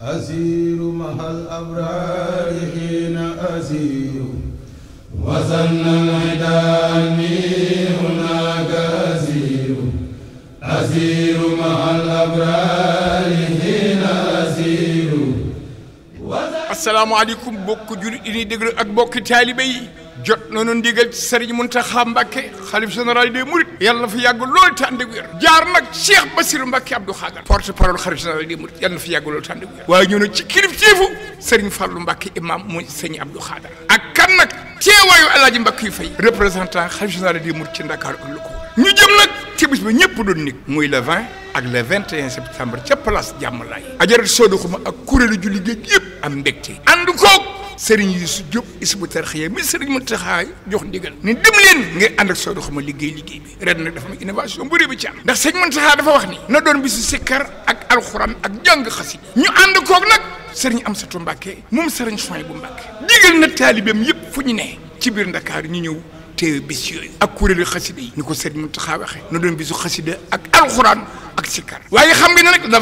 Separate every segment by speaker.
Speaker 1: أزير مع الأبرار حين أزير وزن العداني هناك أزير أزير مع الأبرار حين أزير asalaamaaleykum bokk jullit yi ñuy déglu ak bokki taalibe yi jot nañu ndigal ci Serigne Mountakha Mbacké xalif général des Mourides yàlla na fi yàgg loolu te ànd ak jaar nag Cheikh Bassirou Mbacké Abdou Khadre porte parole xalif général des Mourides yàlla na fa yàgg loolu te ànd ak wér waaye ñu ne ci kilifteefu Serigne Fallou Mbacké imam mu sëñ Abdou Khadre ak kan nag teewaayu Alaaji Mbacké yi fay représentant xalif général des Mourides ci Ndakaaru ak lu ñu jëm nag ci bis ba ñëpp doon nit muy le 20 ak le 21 septembre ca place Diamalaye ajarat Sodou Khouma ak kuréelu julli géej yëpp am ànd koog sëriñ yi su jóg isbu tarxiya mi sëriñ Muntaxa jox ndigal ni dem leen ngay ànd ak soodo xama liggéey liggéey bi ren nag dafa am innovation bu rëy bi ci am ndax sëriñ Muntaxa dafa wax ni na doon bisu sikkar ak alxuraan ak jàng xasida ñu ànd koog nag sëriñ Amsatu Mbàkke moom sëriñ Soy bu Mbàkke digal na taalibeem yëpp fu ñu ne ci biir Ndakaar ñu ñëw teewe bis yooyu ak kuréelu xasida yi ni ko sëriñ Muntaxa waxee na doon bisu xasida ak alxuraan ak sikkar waaye xam nga ne nag la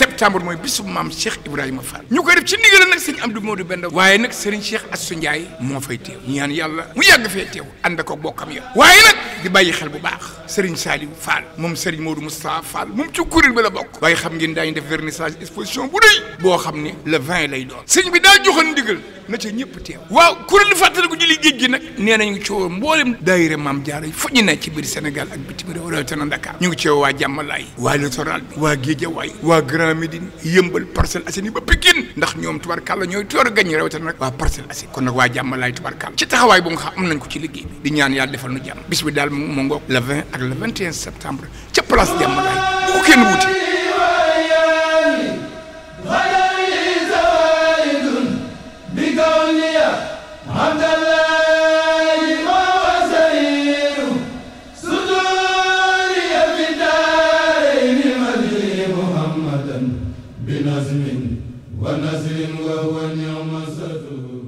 Speaker 1: septembre moy bisub mam Cheikh Ibrahima Fall ñu koy def ci ndigal nak seigne amdou modou Benda waye nak seigne Cheikh Assou ndjay mo fay tew ñaan yàlla mu yegg fe tew ànd ko bokkam ya waye nak di bàyyi xel bu baax seigne salim Fall mom seigne modou mustapha Fall mom ci kuréel bi la bokk waaye xam ngeen dañ def vernissage exposition bu rëy bo xamni le 20 lay doon seigne bi da joxoon ndigal na ci ñëpp tew waaw kuréel di ko julli géej gi nag nee ci coow mboolem daayira maam jaara fu ñu ne ci biir Sénégal ak bitim réew na Dakar ñu ci wa jamalay wa jàmmalaay waa wa bi way wa waa Grand Médine yëmbal Parcelles Assainies ba Pikine ndax ñoom tubarkàlla ñooy tooru gaññi rawatina waa Parcelles Assainies kon nag waa jàmmalaay tubarkàlla ci taxawaay bu nga xam am nañ ko ci liggéey bi di ñaan yàlla defal nu jàmm bis daal mu ngoog le ak le 21 septembre ca place jàmmalaay bu ko kenn wuute wa nasrin wa huwa ni'ma